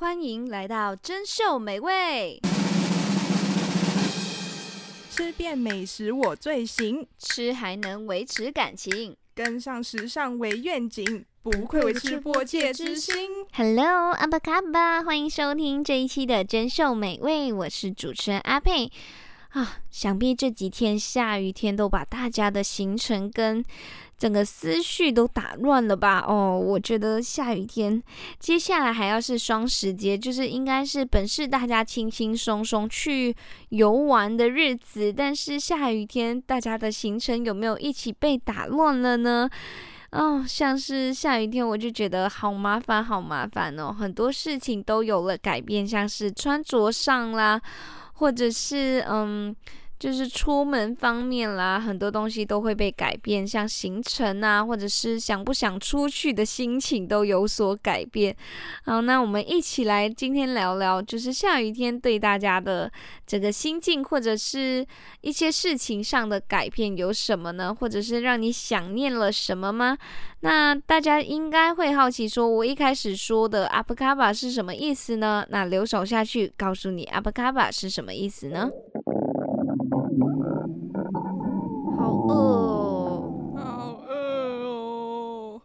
歡迎來到珍饈美味，吃遍美食我最行，吃還能維持感情，跟上時尚為願景，不愧為吃播界之星。 Hello，阿巴卡巴，歡迎收聽這一期的珍饈美味，我是主持人阿佩。啊，想必這幾天下雨天都把大家的行程跟整個思緒都打亂了吧？哦，我覺得下雨天接下來還要是雙十節，就是應該是本是大家輕輕鬆鬆去遊玩的日子。但是下雨天大家的行程有沒有一起被打亂了呢？哦，像是下雨天我就覺得好麻煩，好麻煩哦，很多事情都有了改變，像是穿着上啦。或者是，嗯。就是出門方面啦，很多東西都會被改變，像行程啊，或者是想不想出去的心情都有所改變。好，那我們一起來今天聊聊，就是下雨天對大家的這個心境或者是一些事情上的改變有什麼呢？或者是讓你想念了什麼嗎？那大家應該會好奇，說我一開始說的阿布卡巴是什麼意思呢？那留守下去告訴你，阿布卡巴是什麼意思呢？好餓、哦，好餓哦！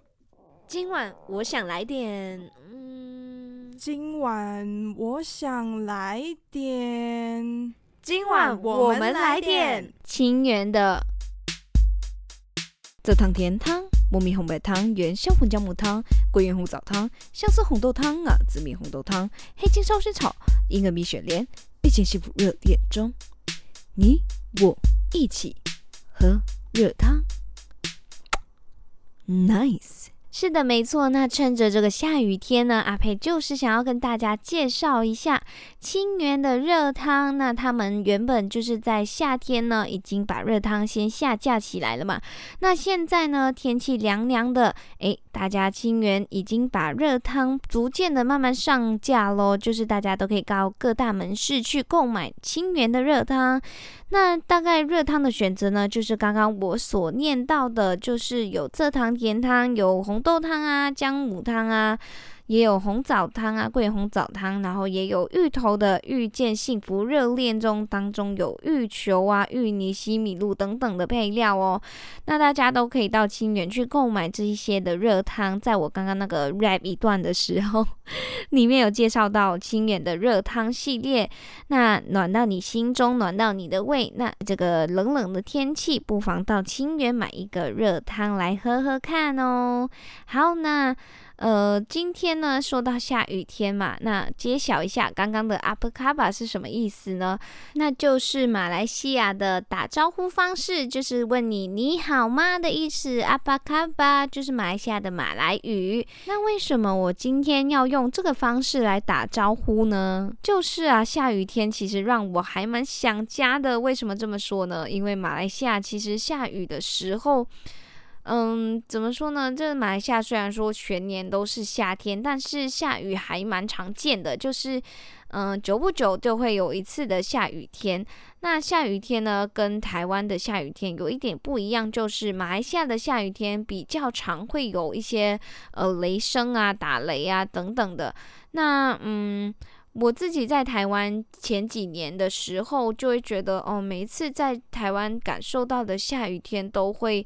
今晚我想來點，嗯，今晚我想來點，今晚我們來點清原的熱湯：甜湯、糯米紅白湯、原香紅薑母湯、桂圓紅棗湯，像是紅豆湯啊，紫米紅豆湯、黑金燒仙草、銀耳米雪蓮、蜜餞西府熱戀中。你我一起喝熱湯，nice。是的，沒錯。那趁着這個下雨天呢，阿佩就是想要跟大家介紹一下清原的熱湯。那他們原本就是在夏天呢，已經把熱湯先下架起來了嘛。那現在呢，天氣涼涼的，誒，大家清原已經把熱湯逐漸的慢慢上架嘍，就是大家都可以到各大門市去購買清原的熱湯。那大概熱湯的選擇呢，就是剛剛我所念到的，就是有蔗糖甜湯，有紅豆湯啊，薑母湯啊。也有紅棗湯啊，桂圓紅棗湯，然後也有芋頭的遇見幸福熱戀中，當中有芋球啊、芋泥、西米露等等的配料哦。那大家都可以到清原去購買這一些的熱湯，在我剛剛那個 rap 一段的時候， 裡面有介紹到清原的熱湯系列。那暖到你心中，暖到你的胃。那這個冷冷的天氣，不妨到清原買一個熱湯來喝喝看哦。好，那。呃，今天呢，說到下雨天嘛，那揭曉一下剛剛的 “apa kaba” 是什麼意思呢？那就是馬來西亞的打招呼方式，就是問你“你好嗎”的意思。“apa kaba” 就是馬來西亞的馬來語。那為什麼我今天要用這個方式來打招呼呢？就是啊，下雨天其實讓我還蠻想家的。為什麼這麼說呢？因為馬來西亞其實下雨的時候。嗯，怎麼說呢？這馬來西亞雖然說全年都是夏天，但是下雨還蠻常見的，就是，嗯，久不久就會有一次的下雨天。那下雨天呢，跟台灣的下雨天有一點不一樣，就是馬來西亞的下雨天比較常會有一些呃雷聲啊、打雷啊等等的。那嗯，我自己在台灣前幾年的時候，就會覺得哦，每一次在台灣感受到的下雨天都會。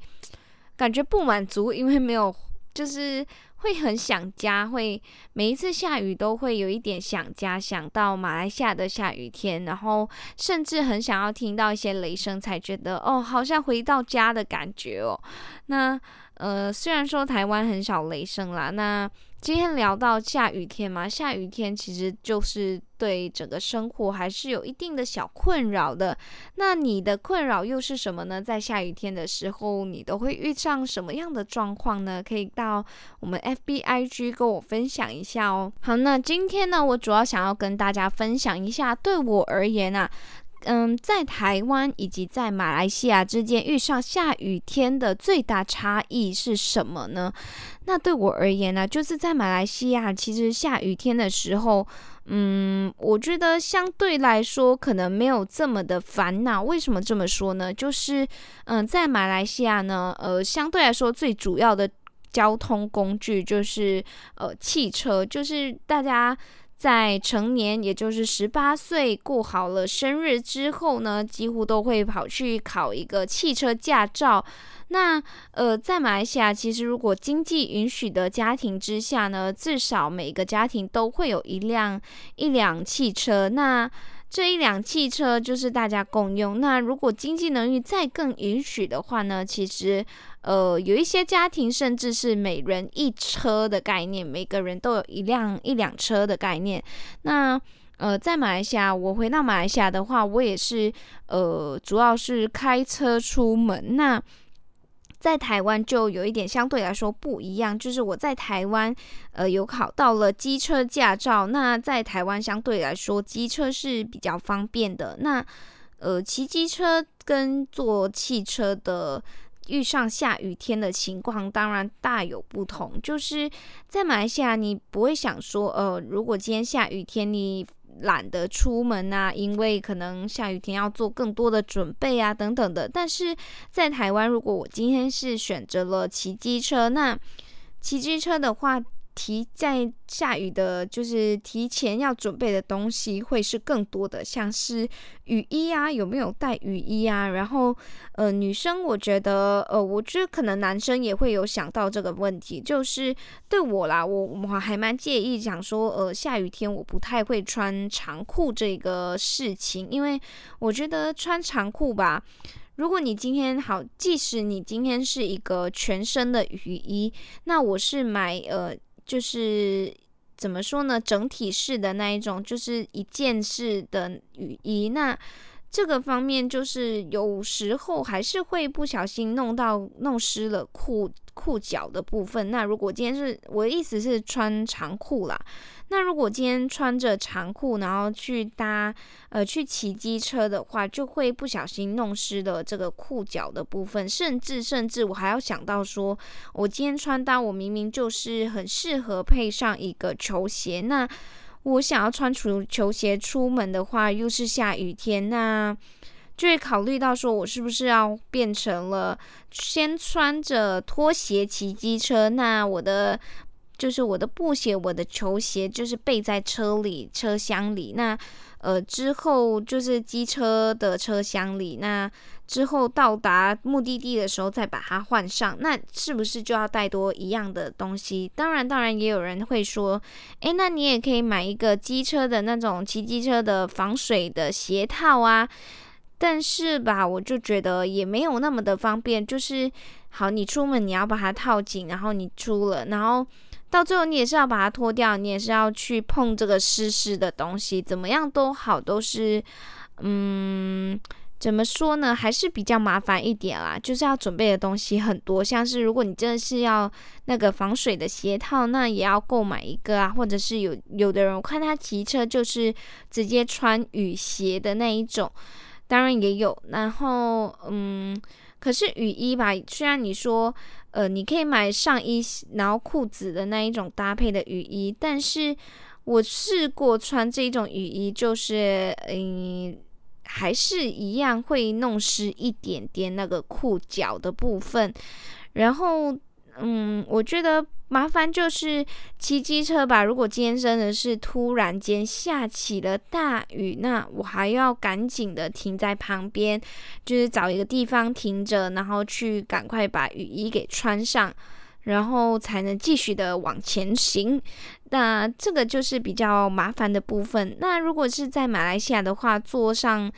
感覺不滿足，因為沒有，就是會很想家，會每一次下雨都會有一點想家，想到馬來西亞的下雨天，然後甚至很想要聽到一些雷聲，才覺得哦，好像回到家的感覺哦。那呃，雖然說台灣很少雷聲啦，那。今天聊到下雨天嘛，下雨天其實就是對整個生活還是有一定的小困擾的。那你的困擾又是什麼呢？在下雨天的時候，你都會遇上什麼樣的狀況呢？可以到我們 FBIG 跟我分享一下哦。好，那今天呢，我主要想要跟大家分享一下，對我而言啊。嗯，在台灣以及在馬來西亞之間遇上下雨天的最大差異是什麼呢？那對我而言呢，啊，就是在馬來西亞，其實下雨天的時候，嗯，我覺得相對來說可能沒有這麼的煩惱。為什麼這麼說呢？就是，嗯，在馬來西亞呢，呃，相對來說最主要的交通工具就是，呃，汽車，就是大家。在成年，也就是十八歲過好了生日之後呢，幾乎都會跑去考一個汽車駕照。那呃，在馬來西亞，其實如果經濟允許的家庭之下呢，至少每個家庭都會有一輛一輛汽車。那這一輛汽車就是大家共用。那如果經濟能力再更允許的話呢，其實。呃，有一些家庭甚至是每人一車的概念，每個人都有一輛一輛車的概念。那呃，在馬來西亞，我回到馬來西亞的話，我也是呃，主要是開車出門。那在台灣就有一點相對來說不一樣，就是我在台灣呃，有考到了機車駕照。那在台灣相對來說，機車是比較方便的。那呃，騎機車跟坐汽車的。遇上下雨天的情況當然大有不同，就是在馬來西亞，你不會想說，呃，如果今天下雨天，你懶得出門啊，因為可能下雨天要做更多的準備啊，等等的。但是在台灣，如果我今天是選擇了騎機車，那騎機車的話。提在下雨的，就是提前要準備的東西會是更多的，像是雨衣啊，有沒有帶雨衣啊？然後，呃，女生，我覺得，呃，我覺得可能男生也會有想到這個問題，就是對我啦，我我還蠻介意，講說，呃，下雨天我不太會穿長褲這個事情，因為我覺得穿長褲吧，如果你今天好，即使你今天是一個全身的雨衣，那我是買呃。就是怎麼說呢？整體式的那一種，就是一件式的雨衣那。這個方面就是有時候還是會不小心弄到弄濕了褲褲腳的部分。那如果今天是，我的意思是穿長褲啦，那如果今天穿着長褲，然後去搭呃，去騎機車的話，就會不小心弄濕了這個褲腳的部分。甚至甚至我還要想到說，我今天穿搭，我明明就是很適合配上一個球鞋那。我想要穿球球鞋出門的話，又是下雨天，那就會考慮到說我是不是要變成了先穿着拖鞋騎機車？那我的。就是我的布鞋，我的球鞋，就是背在車裡車廂裡。那呃之後就是機車的車廂裡。那之後到達目的地的時候再把它換上。那是不是就要帶多一樣的東西？當然，當然也有人會說，誒，那你也可以買一個機車的那種騎機車的防水的鞋套啊。但是吧，我就覺得也沒有那麼的方便。就是好，你出門你要把它套緊，然後你出了，然後。到最後你也是要把它脫掉，你也是要去碰這個濕濕的東西，怎麼樣都好，都是，嗯，怎麼說呢，還是比較麻煩一點啦、啊，就是要準備的東西很多，像是如果你真的是要那個防水的鞋套，那也要購買一個啊，或者是有有的人我看他騎車就是直接穿雨鞋的那一種，當然也有，然後嗯。可是雨衣吧，雖然你說，呃，你可以買上衣，然後褲子的那一種搭配的雨衣，但是我試過穿這種雨衣，就是，嗯、呃，還是一樣會弄濕一點點那個褲腳的部分，然後。嗯，我覺得麻煩就是騎機車吧。如果今天真的是突然間下起了大雨，那我還要趕緊的停在旁邊，就是找一個地方停着，然後去趕快把雨衣給穿上，然後才能繼續的往前行。那這個就是比較麻煩的部分。那如果是在馬來西亞的話，坐上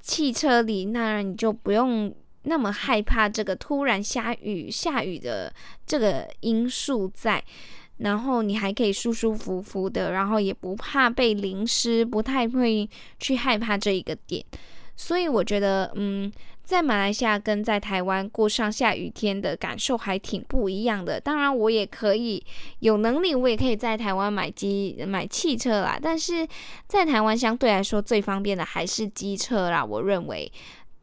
汽車裡，那你就不用。那麼害怕這個突然下雨下雨的這個因素在，然後你還可以舒舒服服的，然後也不怕被淋濕，不太會去害怕這一個點。所以我覺得，嗯，在馬來西亞跟在台灣過上下雨天的感受還挺不一樣的。當然，我也可以有能力，我也可以在台灣買機買汽車啦，但是在台灣相對來說最方便的還是機車啦，我認為。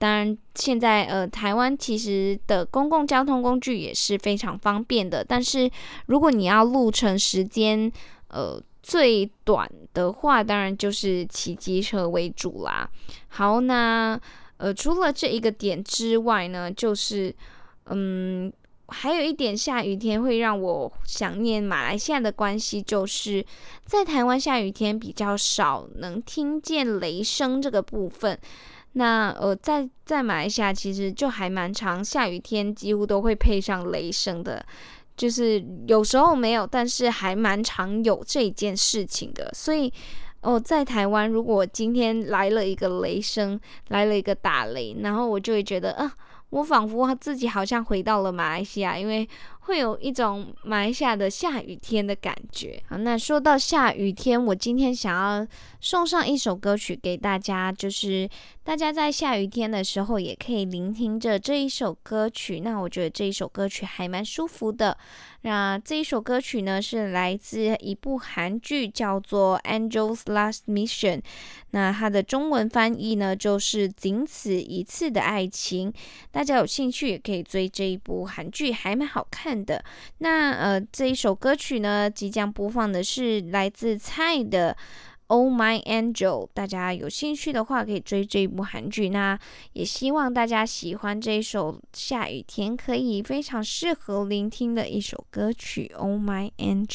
當然，現在呃，台灣其實的公共交通工具也是非常方便的。但是如果你要路程時間呃最短的話，當然就是騎機車為主啦。好，那呃，除了這一個點之外呢，就是嗯，還有一點，下雨天會讓我想念馬來西亞的關係，就是在台灣下雨天比較少能聽見雷聲這個部分。那呃、哦，在在馬來西亞其實就還蠻常，下雨天幾乎都會配上雷聲的，就是有時候沒有，但是還蠻常有這件事情的。所以哦，在台灣，如果今天來了一個雷聲，來了一個打雷，然後我就會覺得啊。我仿佛自己好像回到了馬來西亞，因為會有一種馬來西亞的下雨天的感覺。好，那說到下雨天，我今天想要送上一首歌曲給大家，就是大家在下雨天的時候也可以聆聽着這一首歌曲。那我覺得這一首歌曲還蠻舒服的。那、啊、這一首歌曲呢是來自一部韓劇，叫做《Angel's Last Mission》。那它的中文翻譯呢就是《僅此一次的愛情》。大家有興趣也可以追這一部韓劇，還蠻好看的。那呃，這一首歌曲呢，即將播放的是來自蔡的《Oh My Angel》。大家有興趣的話，可以追這一部韓劇。那也希望大家喜歡這一首下雨天可以非常適合聆聽的一首歌曲《Oh My Angel》。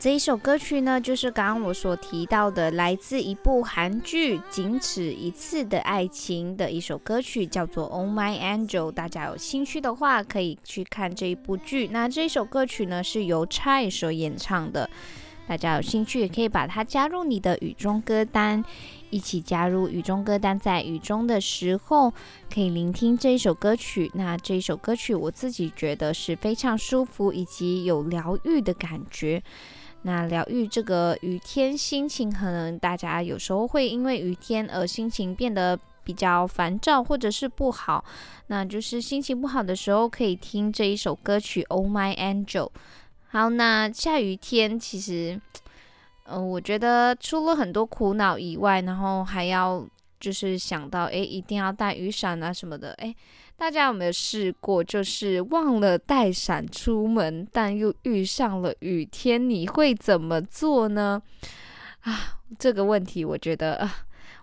這一首歌曲呢，就是剛剛我所提到的，來自一部韓劇《僅此一次的愛情》的一首歌曲，叫做《Oh My Angel》。大家有興趣的話，可以去看這一部劇。那這一首歌曲呢，是由蔡所演唱的。大家有興趣也可以把它加入你的雨中歌單，一起加入雨中歌單，在雨中的時候可以聆聽這一首歌曲。那這一首歌曲，我自己覺得是非常舒服以及有療癒的感覺。那療癒這個雨天心情，可能大家有時候會因為雨天而心情變得比較煩躁，或者是不好。那就是心情不好的時候，可以聽這一首歌曲《Oh My Angel》。好，那下雨天其實，嗯、呃，我覺得除了很多苦惱以外，然後還要就是想到，哎，一定要帶雨傘啊什麼的，哎。大家有沒有試過，就是忘了帶傘出門，但又遇上了雨天，你會怎麼做呢？啊，這個問題，我覺得啊，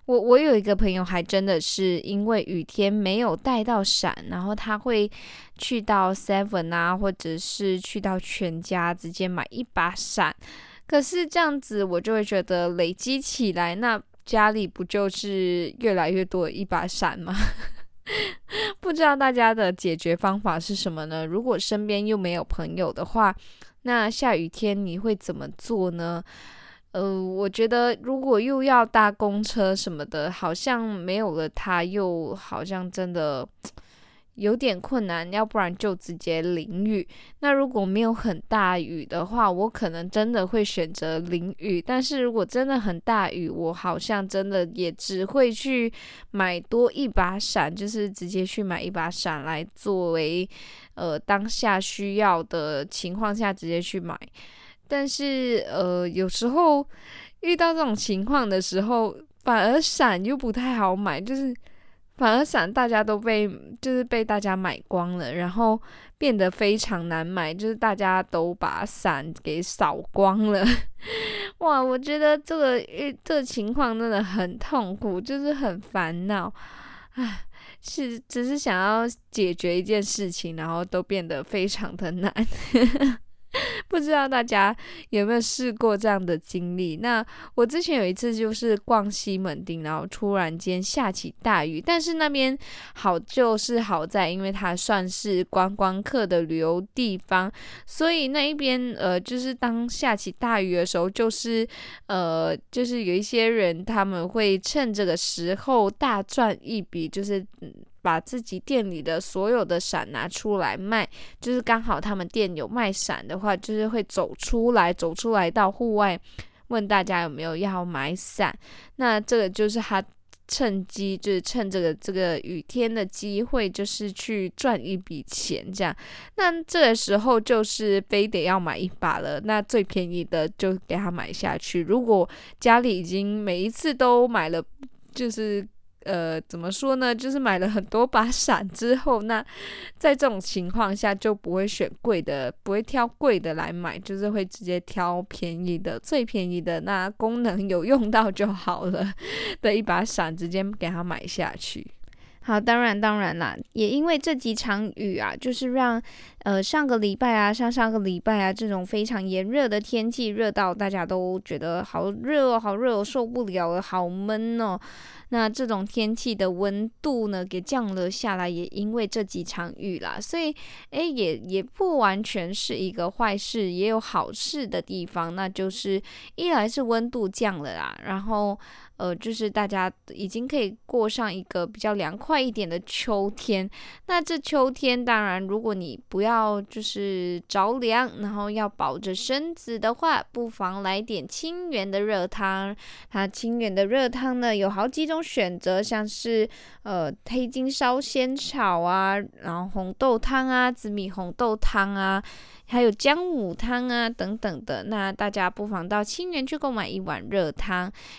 我我有一個朋友，還真的是因為雨天沒有帶到傘，然後他會去到 Seven 啊，或者是去到全家直接買一把傘。可是這樣子，我就會覺得累積起來，那家裡不就是越來越多一把傘嗎？ 不知道大家的解決方法是什麼呢？如果身邊又沒有朋友的話，那下雨天你會怎麼做呢？呃，我覺得如果又要搭公車什麼的，好像沒有了他，又好像真的。有點困難，要不然就直接淋雨。那如果沒有很大雨的話，我可能真的會選擇淋雨。但是如果真的很大雨，我好像真的也只會去買多一把傘，就是直接去買一把傘來作為呃當下需要的情況下直接去買。但是呃有時候遇到這種情況的時候，反而傘又不太好買，就是。反而傘大家都被，就是被大家買光了，然後變得非常難買，就是大家都把傘給掃光了。哇，我覺得這個這個情況真的很痛苦，就是很煩惱。唉，是只是想要解決一件事情，然後都變得非常的難。 不知道大家有沒有試過這樣的經歷？那我之前有一次就是逛西門町，然後突然間下起大雨。但是那邊好就是好在，因為它算是觀光客的旅遊地方，所以那一邊呃，就是當下起大雨的時候，就是呃，就是有一些人他們會趁這個時候大賺一筆，就是、嗯、把自己店裡的所有的傘拿出來賣，就是剛好他們店有賣傘的話就。就是會走出來，走出來到戶外，問大家有沒有要買傘。那這個就是他趁機，就是趁這個這個雨天的機會，就是去賺一筆錢，這樣。那這個時候就是非得要買一把了。那最便宜的就給他買下去。如果家裡已經每一次都買了，就是。呃，怎麼說呢？就是買了很多把傘之後，那在這種情況下就不會選貴的，不會挑貴的來買，就是會直接挑便宜的，最便宜的那功能有用到就好了的一把傘，直接給他買下去。好，當然當然啦，也因為這幾場雨啊，就是讓呃上個禮拜啊，像上上個禮拜啊，這種非常炎熱的天氣，熱到大家都覺得好熱哦，好熱哦，我受不了了，好悶哦。那這種天氣的溫度呢，給降了下來，也因為這幾場雨啦，所以，哎，也也不完全是一個壞事，也有好事的地方，那就是一來是溫度降了啦，然後。呃，就是大家已經可以過上一個比較涼快一點的秋天。那這秋天，當然，如果你不要就是着涼，然後要保着身子的話，不妨來點清原的熱湯。它、啊、清原的熱湯呢，有好幾種選擇，像是呃黑金燒仙草啊，然後紅豆湯啊，紫米紅豆湯啊。還有薑母湯啊等等的，那大家不妨到清原去購買一碗熱湯，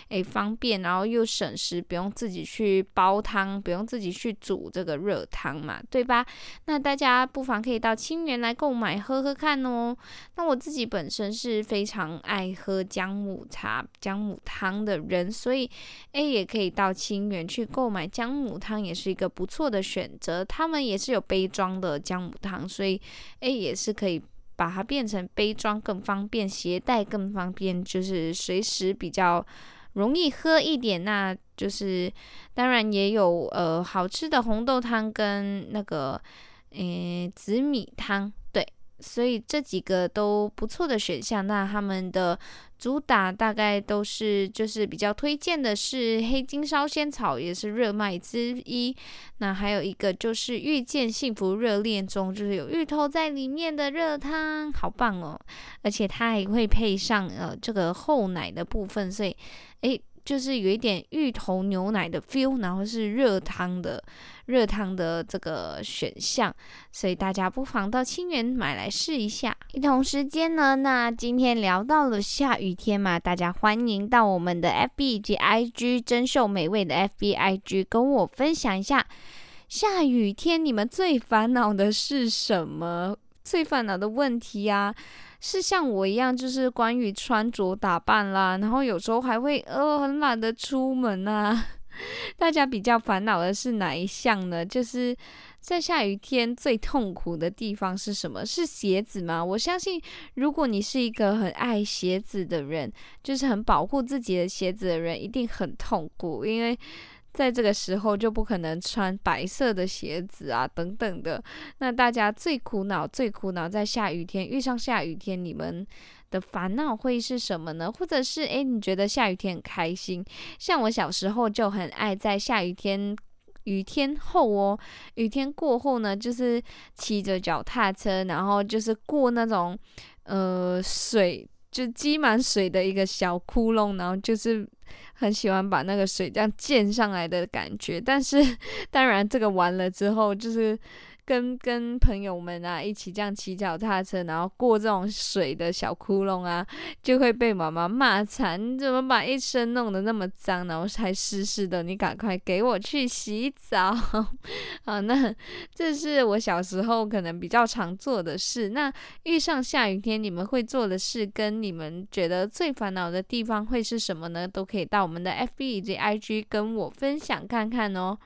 哎、欸，方便，然後又省時，不用自己去煲湯，不用自己去煮這個熱湯嘛，對吧？那大家不妨可以到清原來購買喝喝看哦。那我自己本身是非常愛喝薑母茶、薑母湯的人，所以哎、欸，也可以到清原去購買薑母湯，也是一個不錯的選擇。他們也是有杯裝的薑母湯，所以哎、欸，也是可以。把它變成杯裝更方便，攜帶更方便，就是隨時比較容易喝一點。那就是當然也有呃好吃的紅豆湯跟那個嗯、呃、紫米湯。所以這幾個都不錯的選項，那他們的主打大概都是，就是比較推薦的是黑金燒仙草，也是熱賣之一。那還有一個就是遇見幸福熱戀中，就是有芋頭在裡面的熱湯，好棒哦！而且它還會配上呃這個厚奶的部分，所以，哎。就是有一點芋頭牛奶的 feel，然後是熱湯的熱湯的這個選項，所以大家不妨到清原買來試一下。一同時間呢，那今天聊到了下雨天嘛，大家歡迎到我們的 FB 以及 IG 珍饈美味的 FBIG 跟我分享一下，下雨天你們最煩惱的是什麼？最煩惱的問題呀、啊，是像我一樣，就是關於穿着打扮啦，然後有時候還會呃很懶得出門啊。大家比較煩惱的是哪一項呢？就是在下雨天最痛苦的地方是什麼？是鞋子嗎？我相信，如果你是一個很愛鞋子的人，就是很保護自己的鞋子的人，一定很痛苦，因為，在這個時候就不可能穿白色的鞋子啊，等等的。那大家最苦惱、最苦惱在下雨天，遇上下雨天，你們的煩惱會是什麼呢？或者是，誒，你覺得下雨天很開心？像我小時候就很愛在下雨天、雨天後哦，雨天過後呢，就是騎着腳踏車，然後就是過那種呃水。就積滿水的一個小窟窿，然後就是很喜歡把那個水這樣濺上來的感覺。但是，當然這個完了之後就是。跟跟朋友們啊，一起這樣騎腳踏車，然後過這種水的小窟窿啊，就會被媽媽罵慘。你怎麼把一身弄得那麼髒？然後還濕濕的，你趕快給我去洗澡！ 好，那這是我小時候可能比較常做的事。那遇上下雨天，你們會做的事跟你們覺得最煩惱的地方會是什麼呢？都可以到我們的 FB 以及 IG 跟我分享看看哦。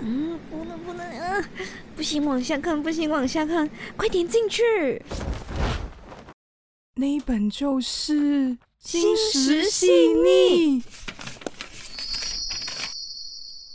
嗯，不能不能，啊，不行，往下看，不行，往下看，快點進去。那一本就是心食細膩。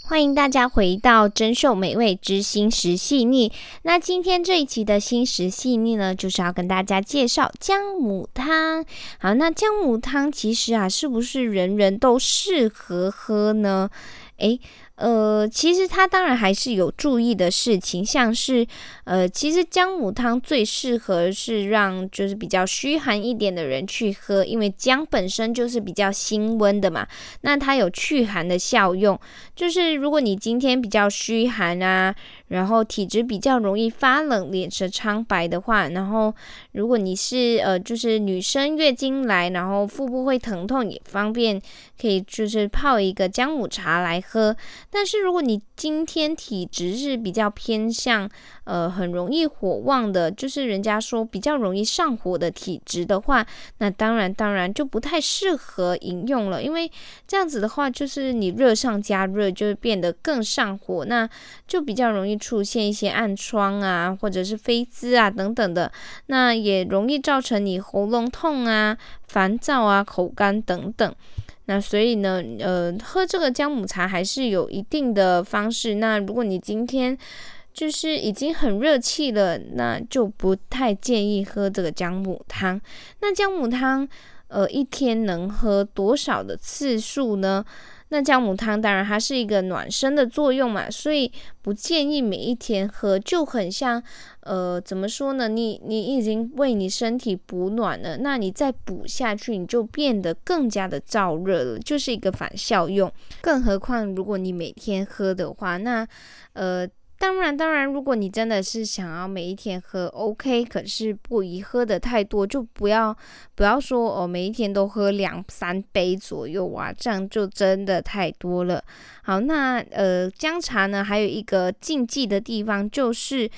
歡迎大家回到珍饈美味之心食細膩。那今天這一期的心食細膩呢，就是要跟大家介紹薑母湯。好，那薑母湯其實啊，是不是人人都適合喝呢？哎。呃，其實它當然還是有注意的事情，像是，呃，其實薑母湯最適合是讓就是比較虛寒一點的人去喝，因為薑本身就是比較辛溫的嘛，那它有驅寒的效用，就是如果你今天比較虛寒啊，然後體質比較容易發冷、臉色蒼白的話，然後如果你是，呃，就是女生月經來，然後腹部會疼痛，也方便可以就是泡一個薑母茶來喝。但是如果你今天體質是比較偏向，呃，很容易火旺的，就是人家說比較容易上火的體質的話，那當然當然就不太適合飲用了，因為這樣子的話，就是你熱上加熱，就會變得更上火，那就比較容易出現一些暗瘡啊，或者是飛滋啊等等的，那也容易造成你喉嚨痛啊、煩躁啊、口乾等等。那所以呢，呃，喝這個薑母茶還是有一定的方式。那如果你今天就是已經很熱氣了，那就不太建議喝這個薑母湯。那薑母湯，呃，一天能喝多少的次數呢？那薑母湯當然它是一個暖身的作用嘛，所以不建議每一天喝，就很像，呃，怎麼說呢？你你已經為你身體補暖了，那你再補下去，你就變得更加的燥熱了，就是一個反效用。更何況如果你每天喝的話，那，呃。當然，當然，如果你真的是想要每一天喝，OK，可是不宜喝得太多，就不要不要說哦，每一天都喝兩三杯左右啊，這樣就真的太多了。好，那呃，薑茶呢，還有一個禁忌的地方就是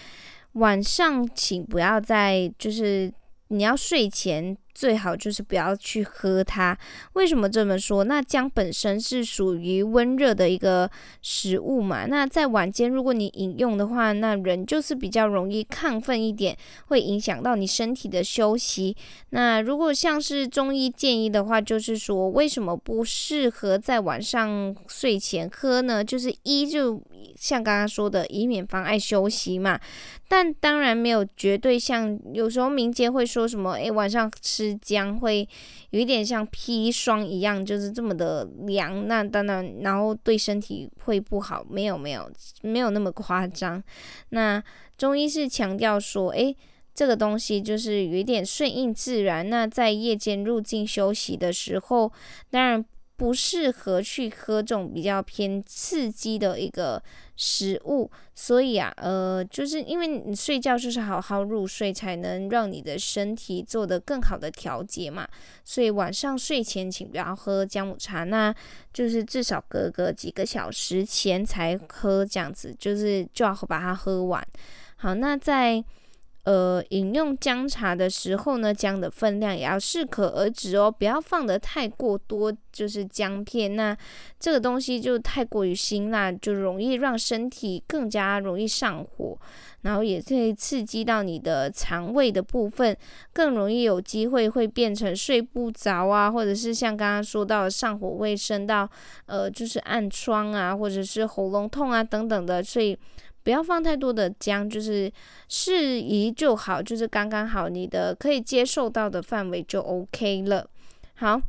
晚上，請不要再就是你要睡前。最好就是不要去喝它。為什麼這麼說？那薑本身是屬於溫熱的一個食物嘛。那在晚間如果你飲用的話，那人就是比較容易亢奮一點，會影響到你身體的休息。那如果像是中醫建議的話，就是說為什麼不適合在晚上睡前喝呢？就是一就像剛剛說的，以免妨礙休息嘛。但當然沒有絕對像，有時候民間會說什麼，哎，晚上吃薑會有一點像砒霜一樣，就是這麼的涼，那當然，然後對身體會不好，沒有沒有沒有那麼誇張。那中醫是強調說，哎，這個東西就是有一點順應自然，那在夜間入靜休息的時候，當然。不適合去喝這種比較偏刺激的一個食物，所以啊，呃，就是因為你睡覺就是好好入睡，才能讓你的身體做得更好的調節嘛。所以晚上睡前請不要喝薑母茶，那就是至少隔個幾個小時前才喝，這樣子就是就要把它喝完。好，那在。呃，飲用薑茶的時候呢，薑的分量也要適可而止哦，不要放得太過多，就是薑片。那這個東西就太過於辛辣，就容易讓身體更加容易上火，然後也可以刺激到你的腸胃的部分，更容易有機會會變成睡不着啊，或者是像剛剛說到的上火會升到呃，就是暗瘡啊，或者是喉嚨痛啊等等的，所以。不要放太多的薑，就是適宜就好，就是剛剛好，你的可以接受到的範圍就 OK 了。好，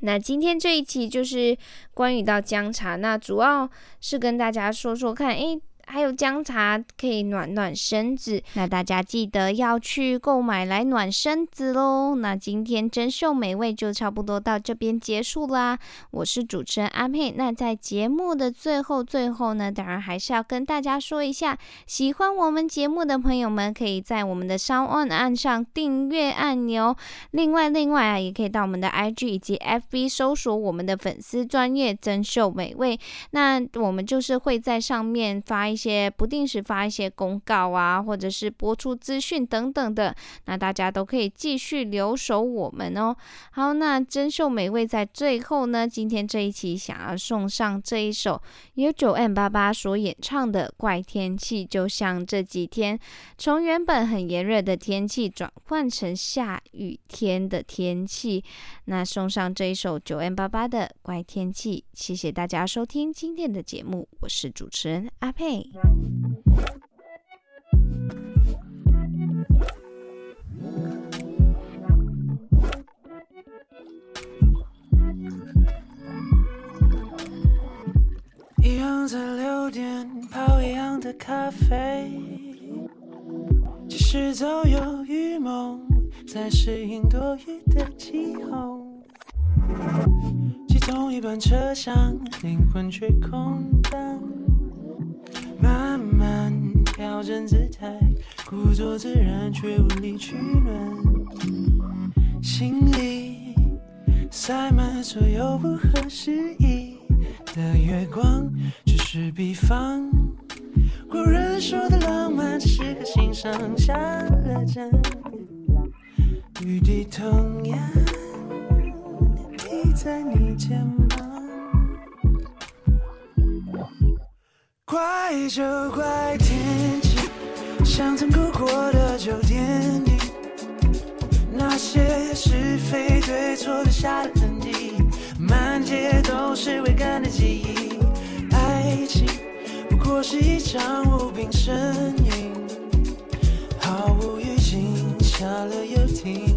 那今天這一期就是關於到薑茶，那主要是跟大家說說看，誒還有薑茶可以暖暖身子，那大家記得要去購買來暖身子嘍。那今天珍饈美味就差不多到這邊結束啦。我是主持人阿佩，那在節目的最後最後呢，當然還是要跟大家說一下，喜歡我們節目的朋友們，可以在我們的 SoundOn 按上訂閱按鈕。另外另外啊，也可以到我們的 IG 以及 FB 搜索我們的粉絲專頁珍饈美味，那我們就是會在上面發一些。些不定時發一些公告啊，或者是播出資訊等等的，那大家都可以繼續留守我們哦。好，那珍饈美味在最後呢，今天這一期想要送上這一首由九 M 八八所演唱的《怪天氣》，就像這幾天從原本很炎熱的天氣轉換成下雨天的天氣，那送上這一首九 M 八八的《怪天氣》。謝謝大家收聽今天的節目，我是主持人阿佩。一樣在六點泡一樣的咖啡，其實早有預謀，在適應多雨的氣候。擠同一班車廂，靈魂卻空蕩。慢慢調整姿態，故作自然卻無力取暖，心裡塞滿所有不合時宜的月光，只是比方。古人說的浪漫，只適合心上下了站，雨滴同樣滴在你肩膀。怪就怪天氣，像曾哭過的舊電影，那些是非對錯留下的痕跡，滿街都是未乾的記憶。愛情不過是一場無病呻吟，毫無預警，下了又停，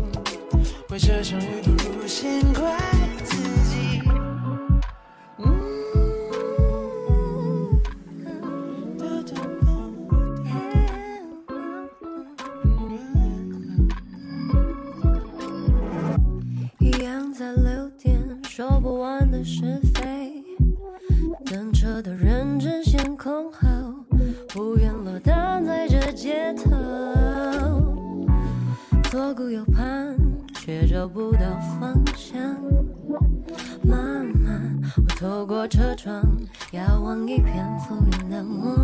為這怪這場雨不如其來。找不到方向，慢慢我透過車窗遙望一片浮雲的模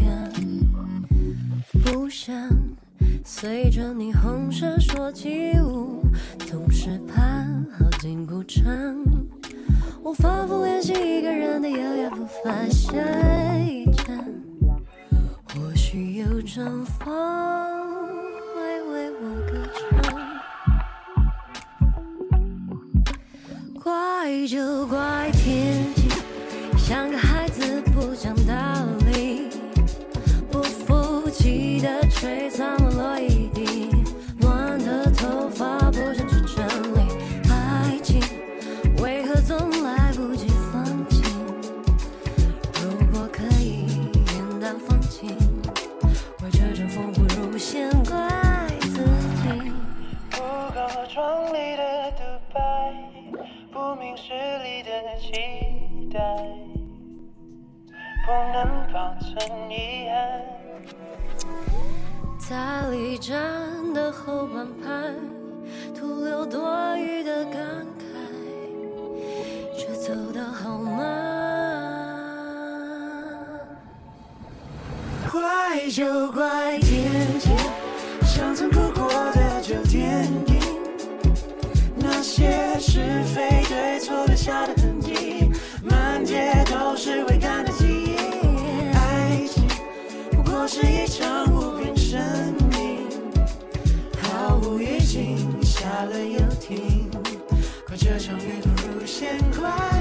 樣，不想隨着霓虹閃爍起舞，總是怕好景不長。我反覆練習一個人的優雅，步伐下一站，或許有陣風。就怪天氣，像個孩子不講道理，不服氣的吹散了落葉。距你的期待，不能保存遺憾。在離站的後半拍，徒留多餘的感慨。他走的好慢。怪就怪。下的痕跡，滿街都是未乾的記憶。愛情不過是一場無病呻吟，毫無預警，下了又停。怪這場雨突如其來。